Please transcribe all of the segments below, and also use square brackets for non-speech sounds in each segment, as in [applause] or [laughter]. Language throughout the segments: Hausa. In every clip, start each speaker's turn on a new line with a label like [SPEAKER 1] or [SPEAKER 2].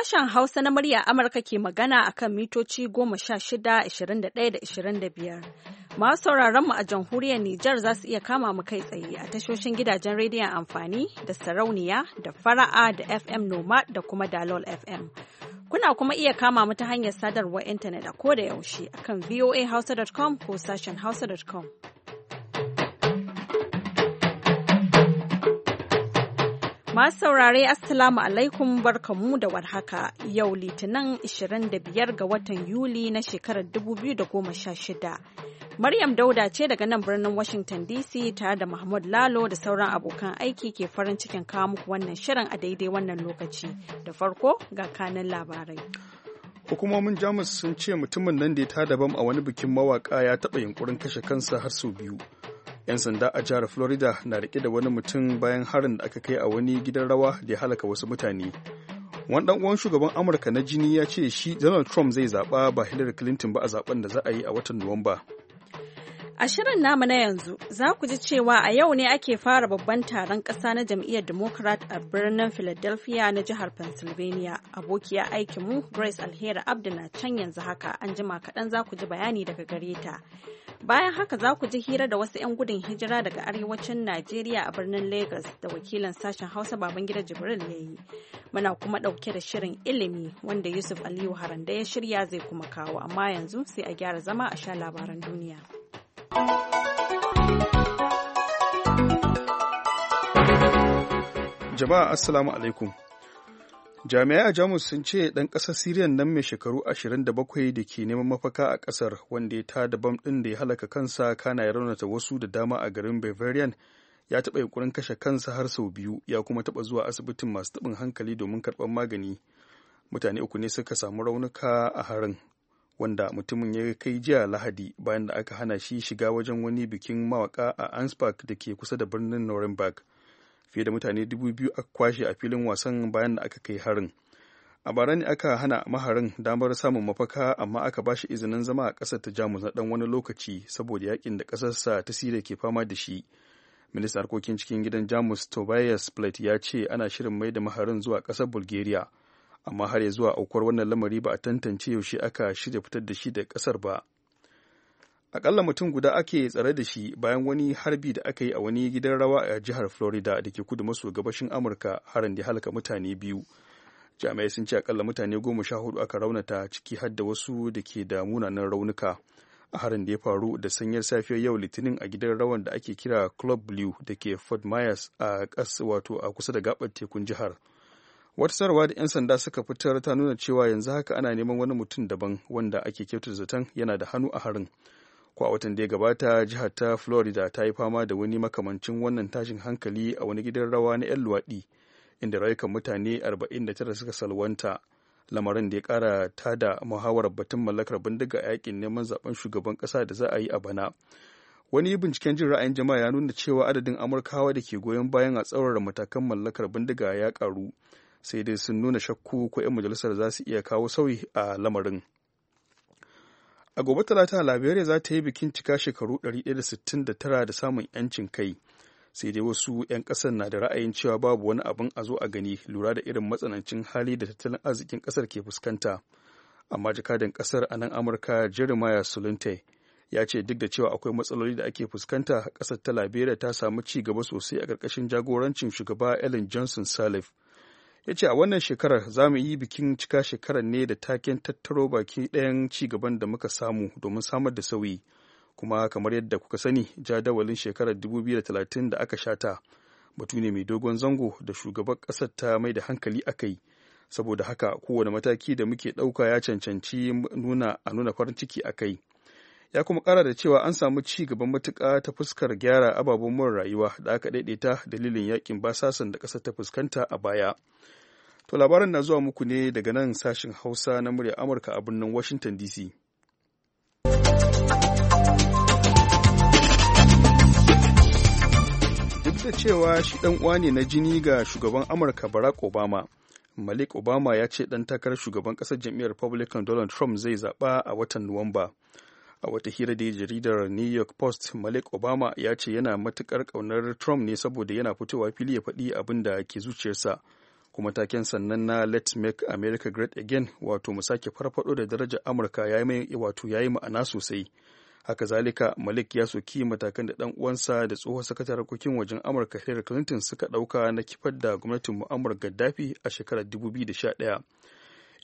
[SPEAKER 1] Sashen Hausa na murya Amurka ke magana a kan mitoci goma sha shida, ɗaya da biyar. Masu sauraron mu a jamhuriyar Nijar za su iya kama mu kai tsaye a tashoshin gidajen rediyon amfani da sarauniya da fara'a da FM Noma da kuma Dalol FM. Kuna kuma iya kama mu ta hanyar sadarwar intanet a ko da yaushe akan voahausa.com ko sashen hausa.com. Masu saurare Assalamu alaikum barkamu da warhaka yau Litinin 25 ga watan Yuli na shekarar 2016. Maryam Dauda ce daga nan birnin Washington DC tare da Mahmud Lalo da sauran abokan aiki ke farin cikin kawo muku wannan shirin a daidai wannan lokaci. Da farko ga kanin labarai.
[SPEAKER 2] Hukumomin Jamus sun ce mutumin nan da ya tada bam a wani bikin mawaka ya taɓa yunkurin kashe kansa har sau biyu. 'yan sanda a jihar florida na rike da wani mutum bayan harin da aka kai a wani gidan rawa da ya halaka wasu mutane wani dan uwan shugaban amurka na jini ya ce shi donald trump zai zaɓa ba hillary clinton ba a zaben da za a yi a watan nuwamba
[SPEAKER 1] A shirin namu na yanzu za ku ji cewa a yau ne ake fara babban taron ƙasa na jam'iyyar Democrat a birnin Philadelphia na jihar Pennsylvania. Abokiya aikinmu Grace Alheri Abdu na can yanzu haka an jima kaɗan za ku ji bayani daga gare ta. Bayan haka za ku ji hira da wasu 'yan gudun hijira daga arewacin Najeriya a birnin Lagos da wakilin sashen Hausa baban gida Jibril ya yi. Muna kuma ɗauke da shirin ilimi wanda Yusuf Aliyu Haranda ya shirya zai kuma kawo amma yanzu sai a gyara zama a sha labaran duniya.
[SPEAKER 2] Jama'a Assalamu alaikum. jami'ai a jamus sun ce ɗan ƙasar siriya nan mai shekaru 27 da ke neman mafaka a ƙasar wanda ya ta da bam ɗin da ya halaka kansa kana ya raunata wasu da dama a garin bavarian ya taɓa yunkurin kashe kansa har sau biyu ya kuma taɓa zuwa asibitin masu tabin hankali domin karɓar magani mutane uku ne suka samu raunuka a harin wanda mutumin ya kai jiya lahadi bayan da aka hana shi shiga wajen wani bikin mawaka a anspark da ke kusa da birnin nuremberg fiye da mutane dubu biyu aka kwashe a filin wasan bayan da aka kai harin a bara ne aka hana maharin damar samun mafaka amma aka ba shi izinin zama a ƙasar ta jamus na ɗan wani lokaci saboda yakin da ƙasarsa ta siriya ke fama da shi ministan harkokin cikin gidan jamus tobias plate ya ce ana shirin mai da maharin zuwa ƙasar bulgaria amma har ya zuwa aukuwar wannan lamari ba a tantance yaushe aka shirya fitar da shi da ƙasar ba akalla mutum guda ake tsare da shi bayan wani harbi da aka yi a wani gidan rawa a jihar florida da ke kudu maso gabashin amurka harin da halaka mutane biyu jami'ai sun ce akalla mutane goma sha hudu aka raunata ciki har da wasu da ke da munanan raunuka a harin da ya faru da sanyar safiyar yau litinin a gidan rawan da ake kira club blue da ke fort myers a kas wato a kusa da gabar tekun jihar wata sarwa da 'yan sanda suka fitar ta nuna cewa yanzu haka ana neman wani mutum daban wanda ake kyautar zaton yana da hannu a harin ko a watan da ya gabata jihar ta florida ta yi fama da wani makamancin wannan tashin hankali a wani gidan rawa na 'yan luwaɗi inda rayukan mutane 49 suka salwanta lamarin da ya kara da muhawarar batun mallakar bindiga a yakin neman zaben shugaban kasa da za a yi a bana wani binciken jin ra'ayin jama'a ya nuna cewa adadin amurkawa da ke goyon bayan a tsaurara matakan mallakar bindiga ya karu sai dai sun nuna shakku ko 'yan majalisar za su iya kawo sauyi a lamarin a gobe talata liberia za ta yi bikin cika shekaru 169 da samun 'yancin kai sai dai wasu 'yan ƙasar na da ra'ayin cewa babu wani abin a zo a gani lura da irin matsanancin hali da tattalin arzikin ƙasar ke fuskanta amma jakadan ƙasar a nan amurka jeremiah solente ya ce duk da cewa akwai matsaloli da ake fuskanta ƙasar ta liberia ta samu ci gaba sosai a ƙarƙashin jagorancin shugaba ellen johnson salif ya ce a wannan shekarar za mu yi bikin cika shekarar ne da taken tattaro baki ɗayan ci gaban da muka samu domin samar da sauyi kuma kamar yadda kuka sani jadawalin shekarar 2030 da aka shata batu ne mai dogon zango da shugaban ƙasar ta mai da hankali aka yi saboda haka kowane mataki da muke ɗauka ya cancanci nuna a nuna farin ciki a kai ya kuma kara da cewa an samu ci gaban matuka ta fuskar gyara ababen mun rayuwa da aka daidaita dalilin yakin basasan da ƙasar ta fuskanta a baya to labaran na zuwa muku ne daga nan sashen hausa na murya amurka a birnin washington dc duk da cewa shi dan uwa ne na jini ga shugaban amurka barack obama malik obama ya ce dan takarar shugaban kasar jam'iyyar republican donald trump zai zaɓa a watan nuwamba a wata hira da jaridar new york post malik obama ya ce yana matukar kaunar trump ne saboda yana fitowa fili ya faɗi abin da ke zuciyarsa kuma taken sannan na let's make america great again wato mu sake farfado da daraja amurka ya yi wato ya yi ma'ana sosai haka zalika malik ya soki matakan da dan uwansa da tsohon sakatar harkokin wajen amurka hillary clinton suka dauka na kifar da gwamnatin mu'ammar gaddafi a shekarar 2011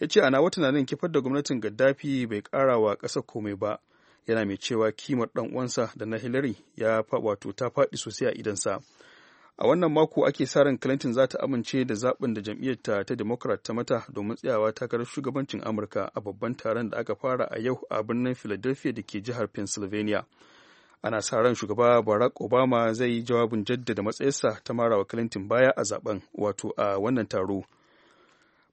[SPEAKER 2] ya ce ana wata tunanin kifar da gwamnatin gaddafi bai kara wa ƙasa komai ba yana mai cewa kimar dan uwansa da na hillary ya wato ta faɗi sosai a idansa a wannan mako ake sa ran clinton za ta amince da zaɓin da jam'iyyarta ta democrat ta mata domin tsayawa takarar shugabancin amurka a babban taron da aka fara a yau a birnin philadelphia da ke jihar pennsylvania ana sa ran shugaba barack obama zai yi jawabin jaddada matsayarsa ta marawa clinton baya a zaben wato a wannan taro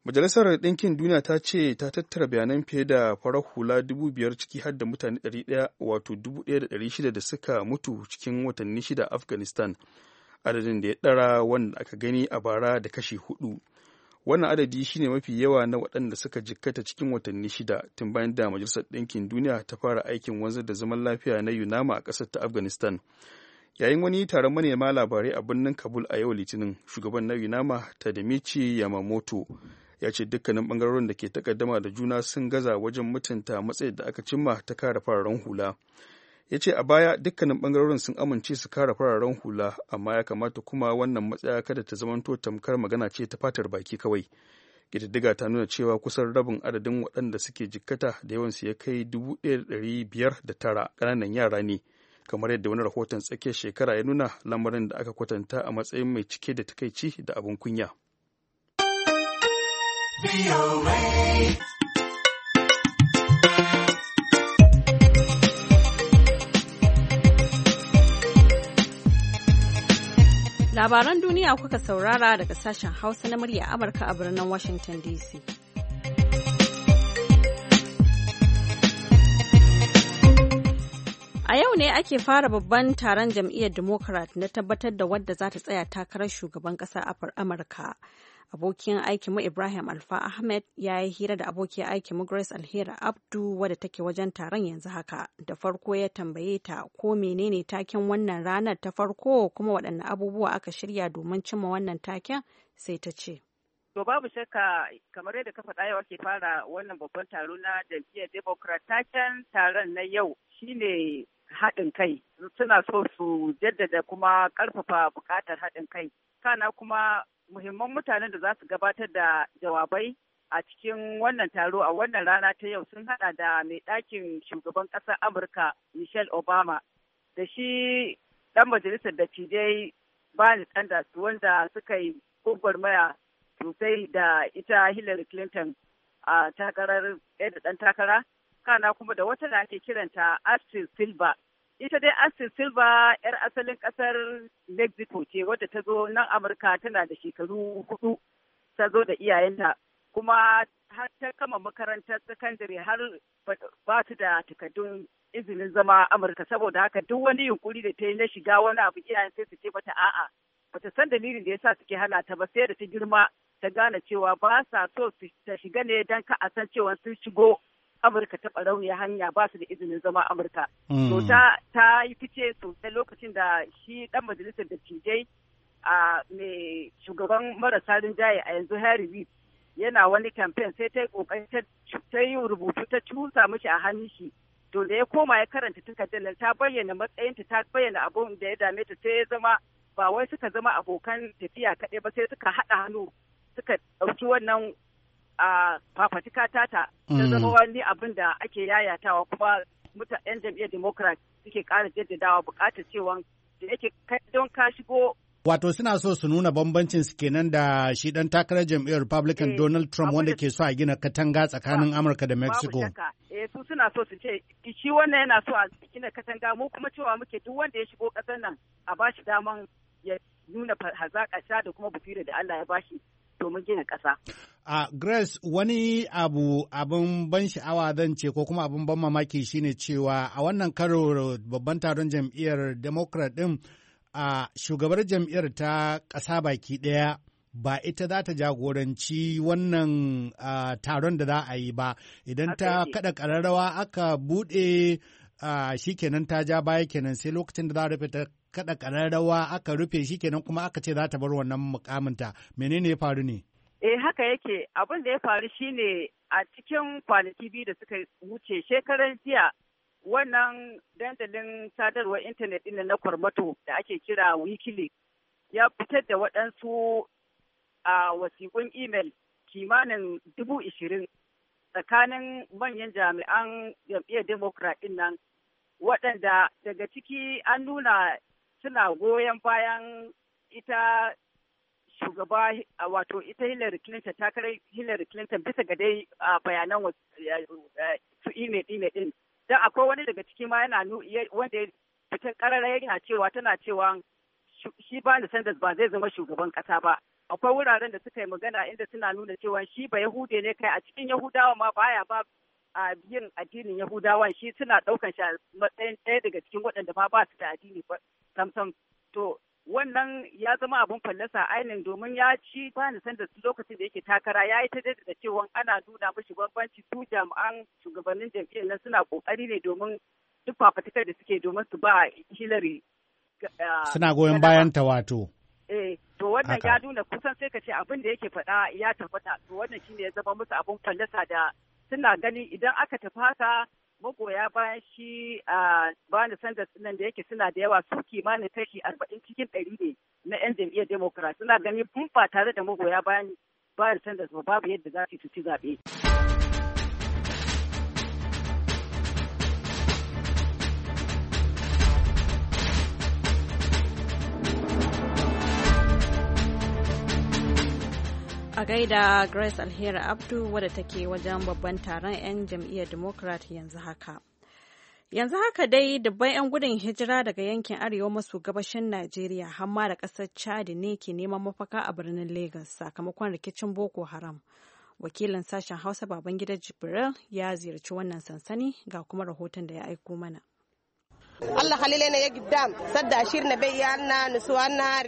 [SPEAKER 2] majalisar ɗinkin duniya ta ce ta tattara bayanan fiye da farar hula dubu ciki har da mutane ɗari ɗaya wato dubu ɗaya da suka mutu cikin watanni shida a afghanistan adadin da ya ɗara wanda aka gani a bara da kashi hudu wannan adadi shine mafi yawa na waɗanda suka jikkata cikin watanni shida tun bayan da majalisar ɗinkin duniya ta fara aikin wanzar da zaman lafiya na unama a ƙasar ta afghanistan yayin wani taron manema labarai a birnin kabul a yau litinin shugaban na yunama tadamichi yamamoto ya ce dukkanin bangarorin da ke takaddama da juna sun gaza wajen mutunta matsayin da aka cimma ta kare fararen hula ya ce a baya dukkanin bangarorin sun amince su kare fararen hula amma ya kamata kuma wannan matsaya kada ta zamanto tamkar magana ce ta fatar baki kawai ƙididdiga ta nuna cewa kusan rabin adadin waɗanda suke jikkata da yawansu ya kai da biyar tara ƙananan yara ne kamar yadda wani rahoton tsakiyar shekara ya nuna lamarin da aka kwatanta a matsayin mai cike da takaici da abin kunya.
[SPEAKER 1] Labaran duniya kuka saurara daga sashen Hausa na murya Amurka a birnin Washington DC. A yau ne ake fara babban taron jam'iyyar Democrat na tabbatar da wadda za ta tsaya takarar shugaban ƙasa Amurka. Abokin aikinmu Ibrahim Alfa Ahmed ya yi hira da aiki mu Grace Alhera Abdu wadda take wajen taron yanzu haka. Da farko ya tambaye ta ko menene taken wannan ranar ta farko kuma waɗanne abubuwa aka shirya domin cimma wannan taken sai ta ce.
[SPEAKER 3] To babu shakka kamar yadda ka faɗa yau fara wannan babban taro na jam'iyyar Democrat taken taron na yau shine haɗin kai suna so su jaddada kuma ƙarfafa buƙatar haɗin kai kana kuma muhimman mutanen da za su gabatar da jawabai a cikin wannan taro a wannan rana ta yau sun hada da mai ɗakin shugaban ƙasar amurka michelle obama da shi ɗan majalisar da cijai bani sanders wanda suka yi gwagwarmaya sosai da ita hillary clinton a takarar ɗaya da ɗan takara kana kuma da wata da ake kiranta astrid silver. Ita dai Astrid Silva 'yar asalin ƙasar Mexico ce wadda ta zo nan Amurka tana da shekaru hudu ta zo da iyayenta kuma har ta kama makarantar sakandare har ba su da takardun izinin zama Amurka saboda haka duk wani yunkuri da ta yi na shiga wani abu iyayen sai su ce mata a'a bata san dalilin da yasa suke hana ta ba sai da ta girma ta gane cewa ba sa so ta shiga ne dan ka a san cewa sun shigo amurka ta ɓarauniya hanya ba su da izinin zama amurka hmm. to ta yi fice sosai lokacin da shi ɗan majalisar dattijai a mai shugaban marasa rinjaye a yanzu harry reid yana wani kamfen sai ta yi ƙoƙari ta yi rubutu ta cusa mashi a hannun shi to da ya koma ya karanta takardar nan ta bayyana matsayinta ta bayyana abun da ya dame ta sai ya zama ba wai suka zama abokan tafiya kaɗai ba sai suka haɗa hannu suka ɗauki wannan a fafatika ta ta mm. zama wani abin da ake yayatawa kuma muta 'yan jam'iyyar democrat suke ƙara jaddadawa buƙatar cewa da yake don ka shigo
[SPEAKER 4] Wato suna so su nuna bambancin su kenan da shi dan takarar jam'iyyar Republican eh, Donald Trump wanda ke so a gina katanga tsakanin Amurka da Mexico.
[SPEAKER 3] Eh su suna so su ce shi wannan yana so a gina katanga mu kuma cewa muke duk wanda ya shigo kasar nan a bashi daman ya nuna hazaƙa da kuma basira da Allah ya bashi domin gina ƙasa.
[SPEAKER 4] A Grace wani abu abin ban sha'awa zan ce ko kuma abin ban mamaki shine cewa a wannan karo babban taron jam'iyyar Democrat ɗin a shugabar jam'iyyar ta ƙasa baki ɗaya ba ita za ta jagoranci wannan taron da za a yi ba idan ta kada ƙararrawa aka buɗe shi kenan ta ja baya kenan sai lokacin da za a rufe ta kada kararrawa aka rufe shi kenan kuma aka ce za ta bar wannan mukaminta menene ya faru ne
[SPEAKER 3] eh haka yake abin da ya faru shine a cikin kwanaki biyu da suka wuce shekaran jiya wannan dandalin sadarwar intanet din na kwarmato da ake kira wikileaks ya fitar da waɗansu a wasiƙun imel kimanin dubu ishirin tsakanin manyan jami'an jam'iyyar democrat nan waɗanda daga ciki an nuna suna goyon bayan ita shugaba wato ita Hillary Clinton takarar Hillary Clinton bisa ga dai bayanan su email email din dan akwai wani daga ciki ma yana wanda fitan karara yana cewa tana cewa shi Bernie Sanders ba zai zama shugaban kasa ba akwai wuraren da suka yi magana inda suna nuna cewa shi ba Yahude ne kai a cikin Yahudawa ma baya ba a yin addinin Yahudawan shi suna ɗaukan shi a matsayin ɗaya daga cikin waɗanda ba ba su da addini ba samsam. To wannan ya zama abin fallasa ainihin domin ya ci bani sanda lokacin da yake takara ya yi ta da cewa ana nuna mashi bambanci su jami'an shugabannin jam'iyyar nan suna kokari ne domin duk fafatikar da suke domin su ba Hillary. Suna goyon bayan ta wato. Eh, to wannan ya nuna kusan sai ka ce abin da yake faɗa ya tabbata to wannan shine ya zama musu abin fallasa da suna ganin idan aka tafi haka magoya bayan shi a bani sanders nan da yake suna da yawa su kimanin kashi arba'in cikin ɗari ne na 'yan jam'iyyar democrat suna ganin ba tare da magoya bayan bani sanders ba babu yadda za su ci zaɓe.
[SPEAKER 1] a gaida grace alheri abdu wadda take wajen babban taron 'yan jam'iyyar democrat yanzu haka yanzu haka dai dubban 'yan gudun hijira daga yankin arewa maso gabashin najeriya hamma da kasar chad ne ke neman mafaka a birnin lagos sakamakon rikicin boko haram wakilin sashen hausa babangida jibril ya ziyarci wannan sansani ga kuma rahoton da ya aiko mana Allah ya giddam sadda shirna bai anna nusuwanna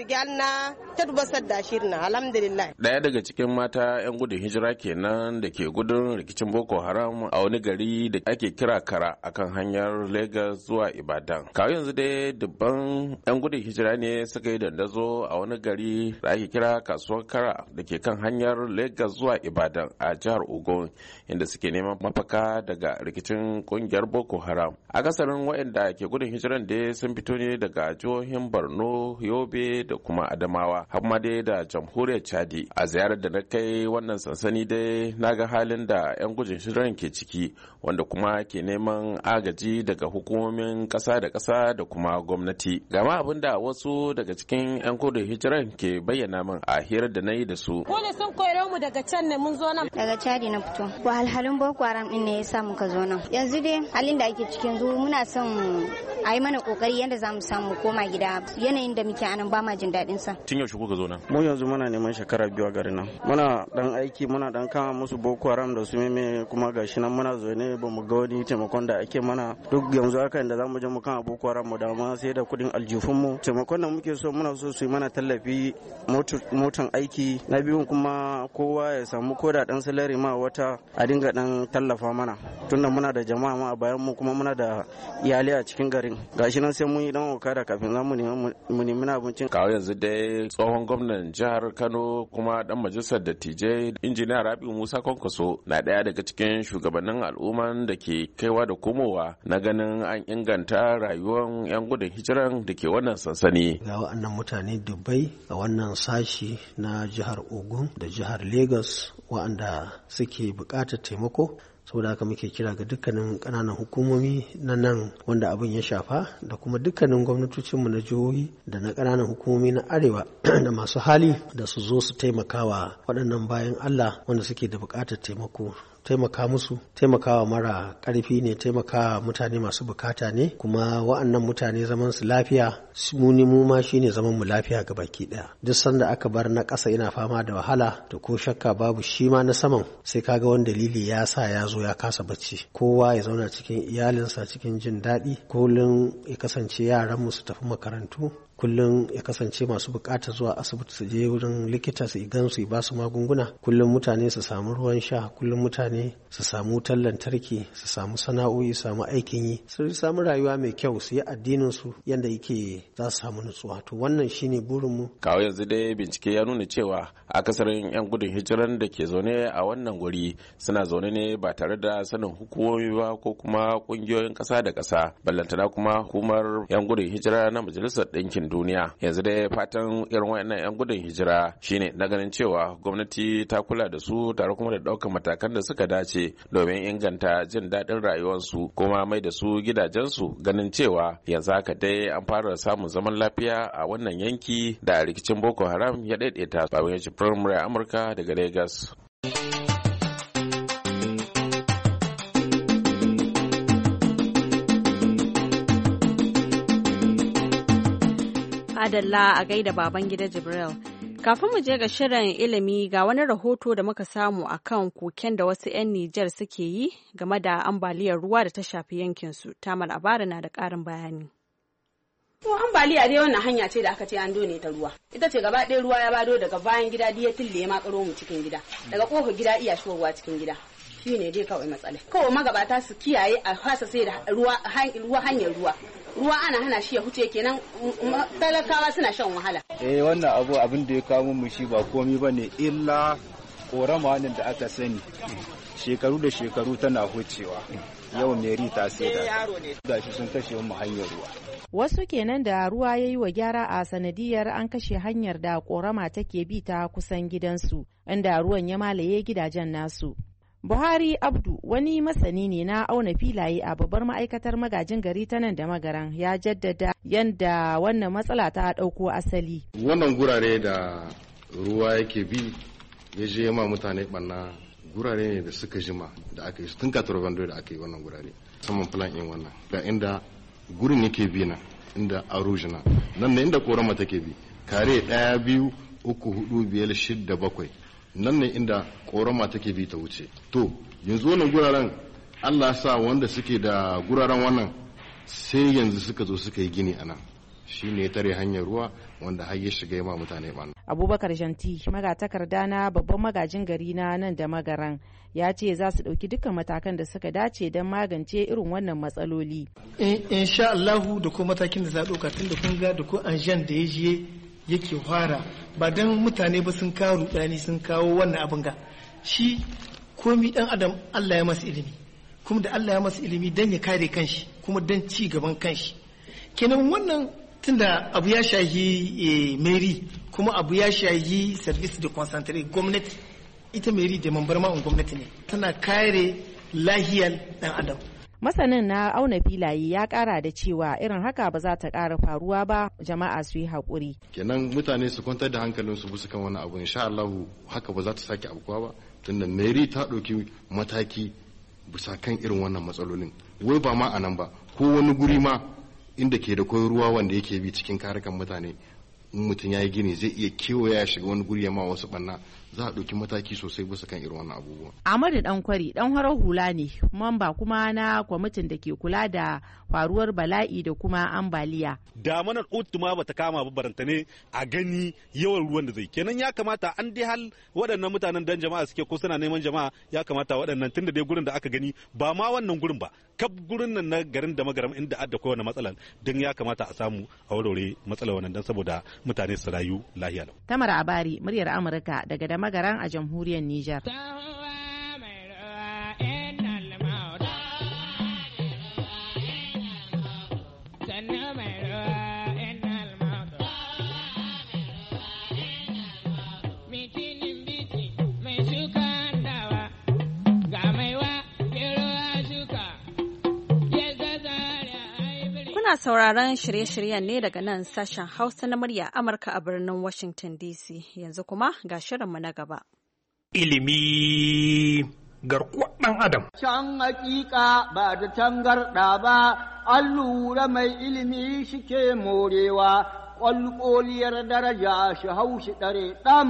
[SPEAKER 1] ta duba sadda shirna alhamdulillah
[SPEAKER 5] daya daga cikin mata yan gudun hijira kenan da ke gudun rikicin Boko Haram a wani gari da ake kira Kara akan hanyar Lagos zuwa Ibadan kawai yanzu dai dubban yan gudun hijira ne suka yi dandazo a wani gari da ake kira kasuwar Kara da ke kan hanyar Lagos zuwa Ibadan a jihar Ogun inda suke neman mafaka daga rikicin kungiyar Boko Haram akasarin waɗanda ke gudun hijiran da sun fito ne daga jihohin borno yobe da kuma adamawa amma dai da jamhuriyar chadi a ziyarar da na kai wannan sansani dai na ga halin da 'yan gudun hijiran ke ciki wanda kuma ke neman agaji daga hukumomin kasa da kasa da kuma gwamnati gama abin da wasu daga cikin 'yan kodin hijiran ke bayyana min a hirar da na yi da su
[SPEAKER 1] kone sun koyar mu daga can ne mun zo nan daga cadi na fito wahalhalun boko haram ɗin ne ya sa muka zo nan yanzu dai halin da ake cikin zu muna son a yi mana kokari yadda za mu samu koma gida yanayin da muke anan ba ma jin daɗin sa
[SPEAKER 5] tun yaushe kuka zo nan mu yanzu muna neman shekara biyu a garin nan muna dan aiki muna dan kama musu boko haram da su meme kuma gashi nan muna zo ne ba mu ga wani taimakon da ake mana duk yanzu haka inda za mu je mu kama boko haram mu da ma sai da kuɗin aljufun mu taimakon da muke so muna so su yi mana tallafi motan aiki na biyun kuma kowa ya samu koda dan salari ma wata a dinga dan tallafa mana tunda muna da jama'a ma a bayan mu kuma muna da iyali a cikin gari abincin gashi nan sai mun yi dan okada kafin za mu nemi abincin kawo yanzu dai tsohon gwamnan jihar kano kuma dan majalisar dattijai injiniya rabi musa kwankwaso na daya daga cikin shugabannin al'umman da ke kaiwa da komowa na ganin an inganta rayuwar yan gudun hijiran da ke wannan sansani
[SPEAKER 6] ga wannan mutane Dubbai a wannan sashi na jihar ogun da jihar lagos wa'anda suke bukatar taimako saboda haka muke kira ga dukkanin kananan hukumomi na nan wanda abin ya shafa da kuma dukkanin gwamnatocinmu na jihohi da na kananan hukumomi na arewa [clears throat] da masu hali da su zo su taimakawa waɗannan bayan allah wanda suke da buƙatar taimako taimaka musu taimakawa mara karfi ne taimakawa mutane masu bukata ne kuma wa'annan mutane zaman su lafiya mu ni mu ma shine zaman mu lafiya ga baki daya duk sanda aka bar na ƙasa ina fama da wahala da ko shakka babu shi ma na saman sai kaga wani dalili ya sa ya zo ya kasa bacci kowa ya zauna cikin iyalinsa cikin jin daɗi kullum ya kasance yaran mu su tafi makarantu kullum ya kasance masu bukatar zuwa asibiti su je wurin likita su gan su ba su magunguna kullum mutane su samu ruwan sha kullum mutane su samu wutar lantarki su samu sana'o'i su samu aikin yi su samu rayuwa mai kyau su yi addinin su yadda yake za su samu nutsuwa to wannan shine burin mu
[SPEAKER 5] kawo yanzu dai bincike ya nuna cewa akasarin yan gudun hijiran da ke zaune a wannan guri suna zaune ne ba tare da sanin hukumomi ba ko kuma kungiyoyin kasa da kasa ballantana kuma hukumar yan gudun hijira na majalisar ɗinkin duniya yanzu dai fatan irin wayannan yan gudun hijira shine na ganin cewa gwamnati ta kula da su tare kuma da ɗaukar matakan da suka dace domin inganta jin daɗin rayuwarsu kuma mai da su gidajensu ganin cewa yanzu haka dai an fara samun zaman lafiya a wannan yanki da rikicin boko haram ya daidaita babban yacin firamare amurka daga Legas.
[SPEAKER 1] adalla a gaida baban gida Jibril. Kafin mu je ga shirin ilimi ga wani rahoto da muka samu a kan koken da wasu 'yan Nijar suke yi game da ambaliyar ruwa da ta shafi yankinsu. Tamar Abara na da ƙarin bayani. To ambaliya dai wannan
[SPEAKER 7] hanya ce da aka ce an done ta ruwa. Ita ce gaba ɗaya ruwa ya bado daga bayan gida da ya tille ma karo mu cikin gida. Daga kofar gida iya ruwa cikin gida. Shi ne dai kawai matsala. Kawai magabata su kiyaye a fasa sai da ruwa hanyar ruwa. ruwa ana hana shi ya huce kenan talakawa suna shan wahala
[SPEAKER 4] eh wannan abu abin da ya kawo mu shi ba komi bane illa korama da aka sani shekaru da shekaru tana hucewa yau meri ta saida da eh, shi sun kashe mu hanyar ruwa
[SPEAKER 8] wasu kenan da ruwa ya yi wa gyara a sanadiyar an kashe hanyar da korama take bi ta kusan gidansu inda ruwan ya malaye gidajen nasu Buhari Abdu wani masani ne na auna filaye a babbar ma'aikatar magajin gari ta nan da magaran ya jaddada yadda wannan matsala ta ɗauko asali.
[SPEAKER 9] Wannan gurare da ruwa yake bi ya je ma mutane ɓanna gurare ne da suka jima da aka yi tun katarwando da aka yi wannan gurare saman filan in wannan ga inda gurin yake bi na inda arujina nan da inda korama take bi kare ɗaya biyu uku hudu biyar shidda bakwai nan ne inda koroma take bi ta wuce to yanzu wannan guraren allah sa wanda suke da guraren wannan sai yanzu suka zo suka yi gini a nan shi ne ya tare hanyar ruwa wanda har ya shiga ma mutane ba.
[SPEAKER 8] abubakar janti magatakarda na babban magajin gari na nan da magaran ya ce za su ɗauki dukkan matakan da suka dace don magance irin wannan matsaloli.
[SPEAKER 4] in sha allahu da ko matakin da za a ɗauka tun da kun ga da ko an da ya je yake fara ba don mutane ba sun kawo rudani sun kawo wannan abin ga shi komi dan adam Allah ya masu ilimi kuma da Allah ya masa ilimi dan ya kare kanshi kuma dan ci gaban kanshi kenan wannan tunda abu ya shahi eh, mary kuma abu ya shahi service de concentrate gwamnati ita mary da mambar ma'un gwamnati ne tana kare lahiyar dan adam
[SPEAKER 8] masanin na auna filaye ya kara da cewa irin haka ba za ta kara faruwa ba jama'a su yi haƙuri
[SPEAKER 9] kenan mutane su kwantar da hankalin su bisa kan wani abu insha Allah haka ba za ta sake abuwa ba tunda Mary ta ɗauki mataki bisa kan irin wannan matsalolin wai ba ma a nan ba ko wani guri ma inda ke da koyarwa ruwa wanda yake bi cikin karukan mutane in mutum ya yi gini zai iya kewaya ya shiga wani guri ya ma wasu banna za a ɗauki mataki sosai bisa kan irin wannan abubuwan.
[SPEAKER 8] Amadu Dankwari dan harar hula ne, mamba kuma na kwamitin da ke kula da faruwar bala'i da kuma ambaliya.
[SPEAKER 9] Damanar ma bata
[SPEAKER 5] kama ba baranta ne a gani yawan ruwan da zai. Kenan ya kamata an dai hal waɗannan mutanen dan jama'a suke ko suna neman jama'a ya kamata waɗannan tunda dai gurin da aka gani ba ma wannan gurin ba. Kab gurin nan na garin da magaram inda adda kowane matsalan don ya kamata a samu a wurare matsalar wannan dan saboda mutane su rayu lahiya lau.
[SPEAKER 8] Tamara Abari, muryar Amurka daga magaran a jamhuriyar Nijar.
[SPEAKER 1] Kuna sauraron shirye-shiryen ne daga nan sashen Hausa na murya Amurka a birnin Washington DC. Yanzu kuma ga shirinmu na gaba.
[SPEAKER 10] Ilimi garkuwar ɗan Adam.
[SPEAKER 1] Can hakika ba da
[SPEAKER 4] garɗa ba, allura mai ilimi shike morewa. kwalkoliyar daraja shi haushi ɗare ɗam.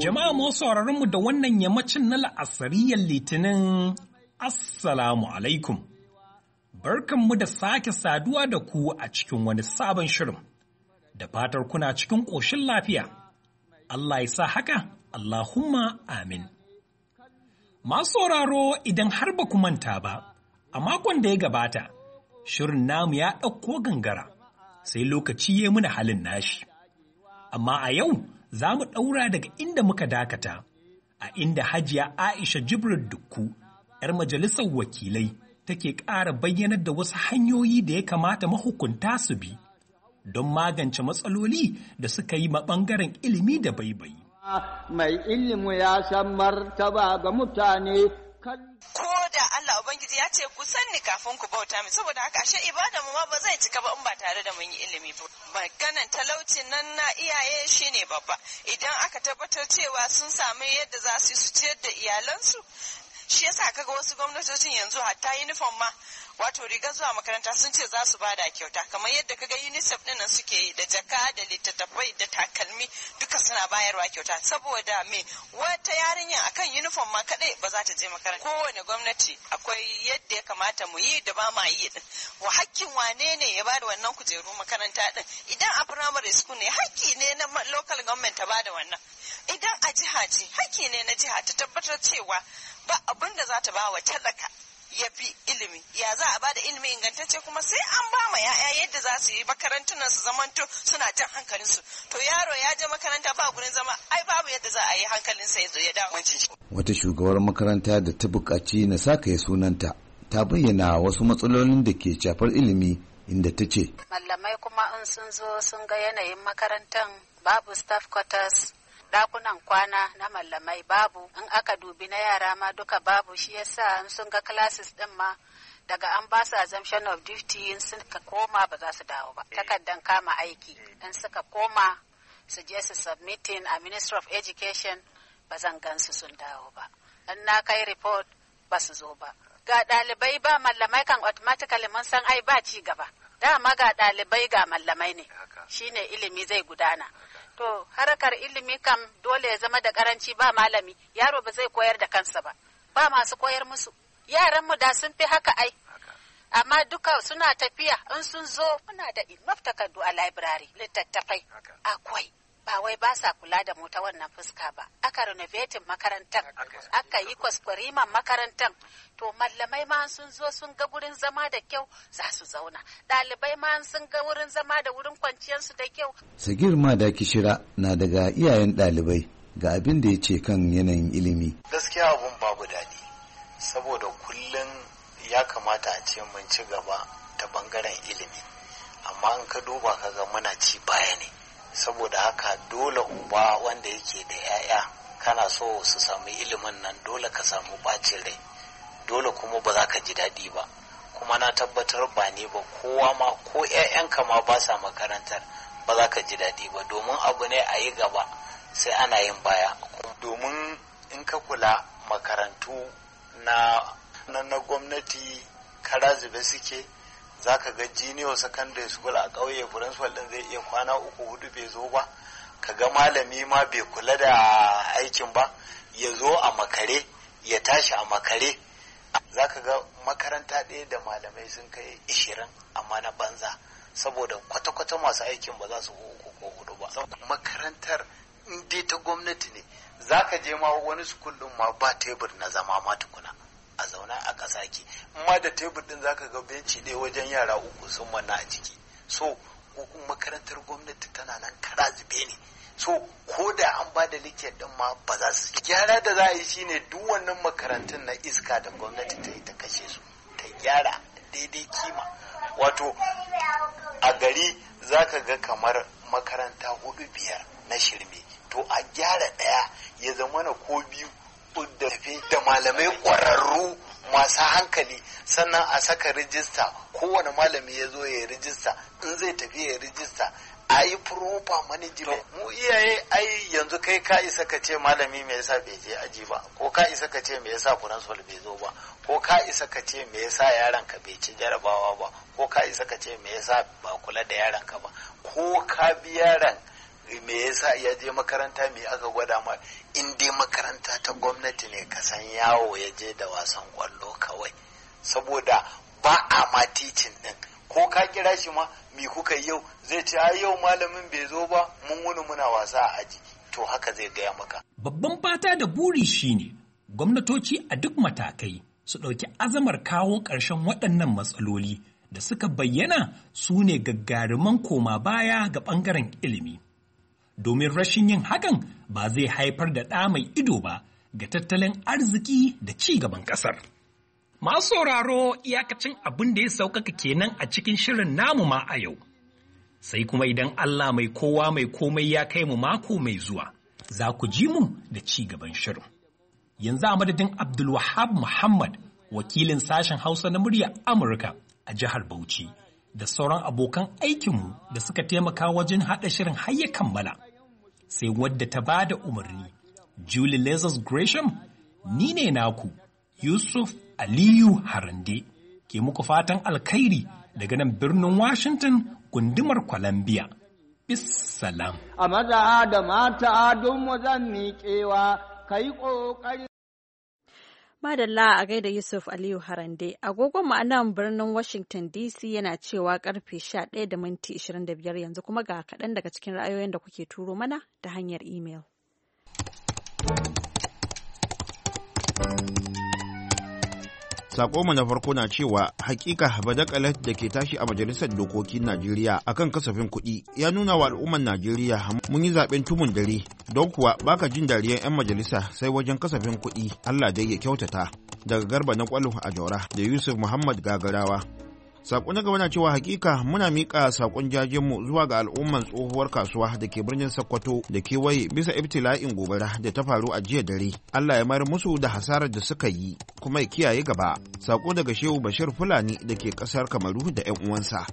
[SPEAKER 10] Jama'a mu sauraron mu da wannan yammacin na la'asariyar litinin Assalamu alaikum. Barkan mu da sake saduwa da ku a cikin wani sabon shirin. Da fatar kuna cikin ƙoshin lafiya, Allah ya sa haka, Allahumma amin. Masu sauraro idan har ba ku manta ba, a makon da ya gabata, shirin namu ya ɗauko gangara, sai lokaci ya muna halin nashi. Amma a yau za mu ɗaura daga inda muka dakata, a inda hajiya Aisha Jibril Dukku, ‘yar majalisar wakilai. take ƙara bayyanar da wasu hanyoyi da ya kamata mahukunta su bi don magance matsaloli da suka yi ɓangaren ilimi da baibayi. Mai
[SPEAKER 4] ilimi ya san martaba ga mutane
[SPEAKER 10] ko da Allah Ubangiji ya ce ku sanni kafin
[SPEAKER 11] ku bauta min saboda haka ashe ibada mu ma ba zai cika ba in ba tare da mun yi ilimi ba maganan talauci nan na iyaye shine babba idan aka tabbatar cewa sun samu yadda za su yi su ciyar da iyalansu shi yasa kaga wasu gwamnatocin yanzu hatta uniform ma wato riga zuwa makaranta sun ce za su bada kyauta kamar yadda kaga unicef din nan suke yi da jaka da littattafai da takalmi duka suna bayarwa kyauta saboda me wata yarinya akan uniform ma kadai ba za ta je makaranta kowane gwamnati akwai yadda ya kamata mu yi da ba ma yi din wa hakkin wane ne ya bada wannan kujeru makaranta din idan a primary school ne hakki ne na local government ta bada wannan idan a jiha ce hakki ne na jiha ta tabbatar cewa ba abin da za ta ba wa talaka ya fi ilimi ya za a ba da ilimi ingantacce kuma sai an ba ma ya'ya yadda za su yi makarantunan su zamanto suna jan hankalin su to yaro ya je makaranta ba gurin zama ai babu yadda za a yi hankalin sa ya zo ya dawo
[SPEAKER 4] wata shugabar makaranta da ta buƙaci na saka ya sunanta ta bayyana wasu matsalolin da ke shafar ilimi inda ta ce
[SPEAKER 7] malamai kuma in sun zo sun ga yanayin makarantar babu staff quarters Dakunan kwana na mallamai babu in aka dubi na yara ma duka babu shi yasa in sun ga classes din ma daga an ba su assumption of duty in suka koma ba za su dawo ba eh. takardan kama aiki eh. in suka koma su je su submitting a minister of education ba zan gansu sun dawo ba in na kai report ba su zo ba ga dalibai ba mallamai kan automatically mun san ai ba ci gaba dama ga dalibai ga mallamai ne shine ilimi zai gudana To harkar ilimi kam dole ya zama da karanci ba malami yaro ba zai koyar da kansa ba ba masu koyar musu yaran mu da sun fi haka ai amma duka suna tafiya in sun zo muna da takardu a library littattafai akwai ba wai ba sa kula da mota wannan fuska ba aka renovating makarantar aka yi kwaskwariman makarantar to mallamai ma sun zo sun ga gurin zama da kyau za su zauna ɗalibai ma sun ga wurin zama da wurin kwanciyarsu da kyau
[SPEAKER 4] sagir da kishira na daga iyayen ɗalibai ga abin da ya ce kan yanayin ilimi gaskiya abun babu daɗi saboda kullum ya kamata a ce mun ci gaba ta bangaren ilimi amma in ka duba kaga muna ci baya ne saboda haka dole uba wanda yake da 'ya'ya kana so su samu ilimin nan dole ka samu bacin rai dole kuma ba za ka ji daɗi ba kuma na tabbatar ba ne ba kowa ma ko 'ya'yanka ma ba sa makarantar ba za ka ji daɗi ba domin abu ne a yi gaba sai ana yin baya domin in ka kula makarantu na na gwamnati kara zube suke za ka ga junior secondary school a ƙauye principal ɗin zai iya kwana uku hudu bai zo ba ka ga malami ma bai kula da aikin ba ya zo a makare ya tashi a makare za ka ga makaranta ɗaya da malamai sun kai ishirin amma na banza saboda kwata-kwata masu aikin ba za su uku ko hudu ba makarantar in ta gwamnati ne za ka je ma wani sukul ɗin ma ba tebur na zama ma tukuna a zauna a ƙasa ke ma da tebur ɗin zaka ga benci ɗaya wajen yara uku sun manna a ciki so makarantar gwamnati tana nan kara zube ne so ko da an ba da likiyar ɗin ma ba za su gyara da za a yi shine duk wannan makarantun na iska da gwamnati ta yi ta kashe su ta gyara daidai kima wato a gari za ka ga kamar makaranta hudu biyar na shirme to a gyara ɗaya ya zama na ko biyu da da malamai ƙwararru masu hankali sannan a saka rijista kowane malami ya zo ya rijista in zai tafi ya rijista a yi proper management mu iyaye ai yanzu kai ka isa ka ce malami me yasa bai je aji ba ko ka isa ka ce me yasa sol bai zo ba ko ka isa ka ce me yasa yaron ka bai ci jarabawa ba ko ka isa ka ce me yasa ba kula da yaron ka ba ko ka bi yaron me yasa ya je makaranta me aka gwada ma in dai makaranta ta gwamnati ne ka yawo ya je da wasan kwallo kawai saboda ba a ma titin din ko ka kira shi ma mi kuka yau zai ce a yau malamin bai zo ba mun wuni muna wasa a aji to haka zai gaya maka
[SPEAKER 10] babban fata da buri shine gwamnatoci a duk matakai su ɗauki azamar kawo ƙarshen waɗannan matsaloli da suka bayyana su ne gagaruman koma baya ga ɓangaren ilimi domin rashin yin hakan ba zai haifar da ɗa mai ido ba ga tattalin arziki da ci gaban ƙasar. Masu sauraro iyakacin abin da ya sauƙaƙa kenan a cikin shirin namu ma a yau. Sai kuma idan Allah mai kowa mai komai ya kai mu mako mai zuwa, za ku ji mu da ci gaban shirin. Yanzu a madadin Abdulwahab Muhammad, wakilin sashen Hausa na murya Amurka a jihar Bauchi. da sauran abokan aikinmu da suka taimaka wajen haɗa shirin hayya kammala. Sai wadda ta ba da umarni, Julie Lazarus Gresham, ni ne naku, Yusuf Aliyu Harande, ke muku fatan alkhairi daga nan birnin Washington gundumar Columbia. Bissalam.
[SPEAKER 1] A maza da mata adon mu zan miƙewa, ka ƙoƙari. Madalla a gaida Yusuf Aliyu Harande, agogon ma'anan birnin Washington DC yana cewa karfe 11 da minti 25 yanzu kuma ga kaɗan daga cikin ra'ayoyin da kuke turo mana ta hanyar imel.
[SPEAKER 12] mu na farko na cewa hakika badakalar da ke tashi a majalisar dokokin Najeriya akan kasafin kuɗi ya nuna wa al'ummar Najeriya mun yi zaben tumun dare don kuwa baka jin dariyar 'yan majalisa sai wajen kasafin kuɗi Allah dai ya kyautata daga garba na kwalo a jaura da Yusuf Muhammad Gagarawa. Sako na gaba na cewa hakika muna miƙa sakon jajenmu zuwa ga al'umman tsohuwar kasuwa da ke birnin Sokoto da kewaye bisa ibtila'in gobara da ta faru a jiya dare. Allah ya mayar musu da hasarar da suka yi kuma ya kiyaye gaba. Sako daga Shehu Bashir Fulani da ke ƙasar Kamaru da 'yan uwansa.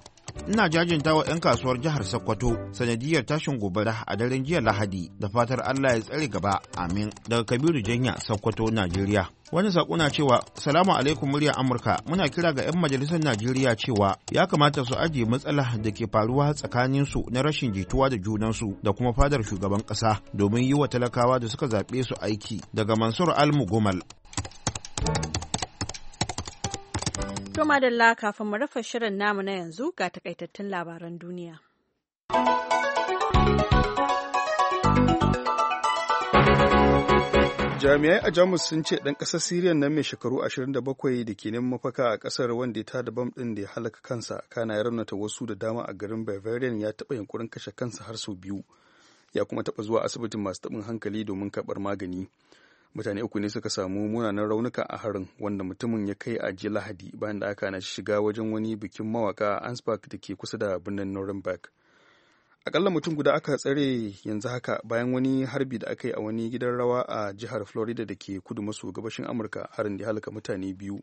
[SPEAKER 12] ina jajinta wa 'yan kasuwar jihar Sokoto sanadiyar tashin gobara a daren jiya Lahadi da fatar Allah ya tsare gaba amin daga Kabiru Janya Sokoto Najeriya. Wani sako na cewa salamu alaikum murya Amurka muna kira ga 'yan majalisar Najeriya cewa ya kamata su ajiye matsala da ke faruwa tsakanin su na rashin jituwa da junansu da kuma fadar shugaban ƙasa domin yi wa talakawa da suka zaɓe su aiki daga Mansur Almu mugumal.
[SPEAKER 1] To madalla kafin mu rufe shirin namu na yanzu ga takaitattun labaran duniya.
[SPEAKER 2] jami'ai a jamus sun ce ɗan ƙasar syria nan mai shekaru 27 da ke neman mafaka a ƙasar wanda ya da bam ɗin da ya halaka kansa kana ya raunata wasu da dama a garin bavarian ya taɓa yunkurin kashe kansa har sau biyu ya kuma taɓa zuwa asibitin masu taɓin hankali domin karɓar magani mutane uku ne suka samu munanan raunuka a harin wanda mutumin ya kai a ji lahadi bayan da aka na shiga wajen wani bikin mawaka a ansbach da ke kusa da birnin nuremberg akalla mutum guda aka tsare yanzu haka bayan wani harbi da aka yi a wani gidan rawa a jihar florida da ke kudu maso gabashin amurka harin da halaka mutane biyu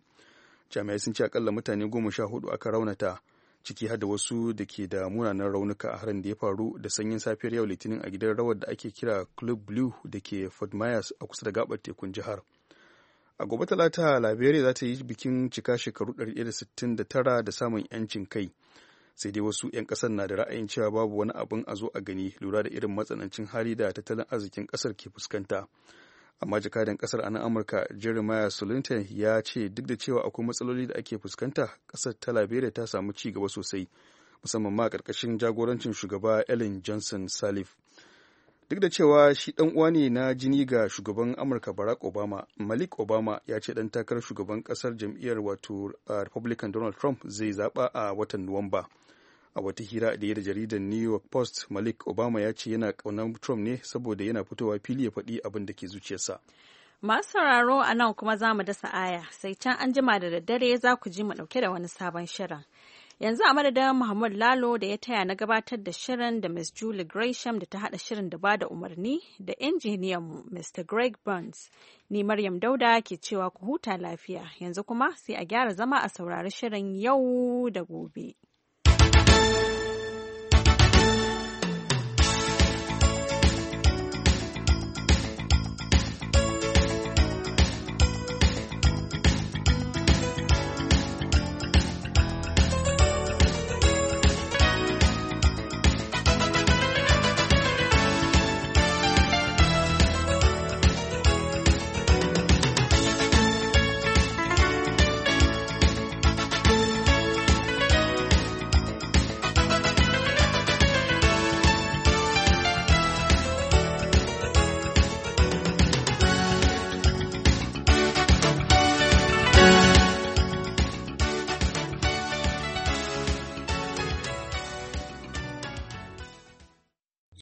[SPEAKER 2] jami'ai sun ce akalla mutane goma sha hudu aka raunata ciki har da wasu da ke da munanan raunuka a harin da ya faru da sanyin safiyar yau litinin a gidan rawar da ake kira club blue da ke fort myers a kusa da gabar tekun jihar a gobe talata laberiya za ta yi bikin cika shekaru 169 da samun yancin kai sai dai wasu 'yan kasar na da ra'ayin cewa babu wani abin a zo a gani lura da irin matsanancin hali da tattalin arzikin kasar ke fuskanta amma jakadan kasar a nan amurka jeremiah solinton ya ce duk da cewa akwai matsaloli da ake fuskanta kasar ta liberia ta samu ci gaba sosai musamman ma karkashin jagorancin shugaba ellen johnson salif duk da cewa shi dan uwa ne na jini ga shugaban amurka barack obama malik obama ya ce dan takarar shugaban kasar jam'iyyar wato republican donald trump zai zaba a watan nuwamba a wata hira da ya da jaridar new york post malik obama ya ce yana ƙaunar trump ne saboda yana fitowa fili ya faɗi abin da ke zuciyarsa
[SPEAKER 1] masu sauraro a nan kuma za mu dasa aya sai can an jima da daddare za ku ji mu ɗauke da wani sabon shirin yanzu a madadin muhammad lalo da ya taya na gabatar da shirin da miss julie gresham da ta haɗa shirin da ba da umarni da injiniyan mr greg burns ni maryam dauda ke cewa ku huta lafiya yanzu kuma sai a gyara zama a saurari shirin yau da gobe